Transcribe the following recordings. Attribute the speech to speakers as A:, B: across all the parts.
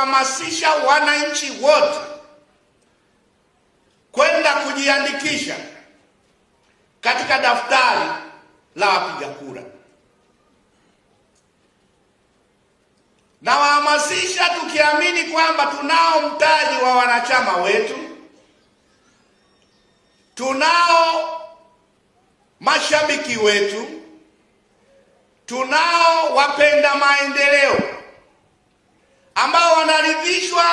A: kuwahamasisha wananchi wote kwenda kujiandikisha katika daftari la wapiga kura. Nawahamasisha tukiamini kwamba tunao mtaji wa wanachama wetu, tunao mashabiki wetu, tunao wapenda maendeleo wanaridhishwa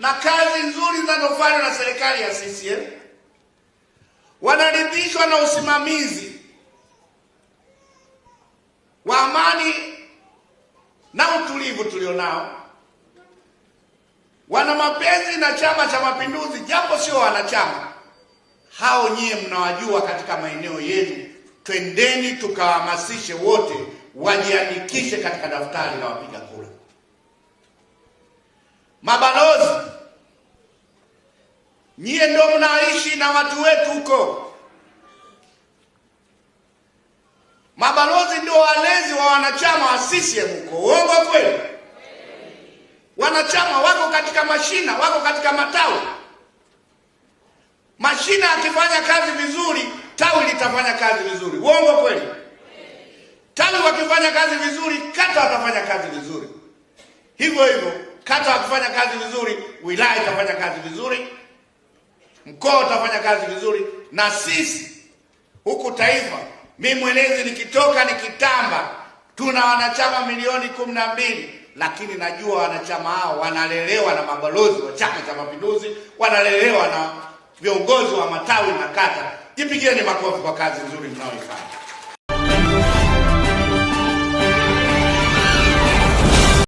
A: na kazi nzuri zinazofanywa na serikali ya CCM, wanaridhishwa na usimamizi wa amani na utulivu tulionao, wana mapenzi na Chama cha Mapinduzi, japo sio wanachama. Hao nyie mnawajua katika maeneo yenu, twendeni tukawahamasishe wote wajiandikishe katika daftari la wapiga kura. Mabalozi, nyie ndio mnaishi na watu wetu huko. Mabalozi ndio walezi wa wanachama wa CCM huko, uongo kweli? Wanachama wako katika mashina, wako katika matawi. Mashina akifanya kazi vizuri, tawi litafanya kazi vizuri, uongo kweli? Tawi wakifanya kazi vizuri, kata watafanya kazi vizuri, hivyo hivyo Kata wakifanya kazi vizuri, wilaya itafanya kazi vizuri, mkoa utafanya kazi vizuri, na sisi huku taifa, mi mwelezi nikitoka nikitamba, tuna wanachama milioni kumi na mbili lakini najua wanachama hao wanalelewa na mabalozi wa Chama cha Mapinduzi, wanalelewa na viongozi wa matawi na kata. Jipigieni makofi kwa kazi nzuri mnaoifanya.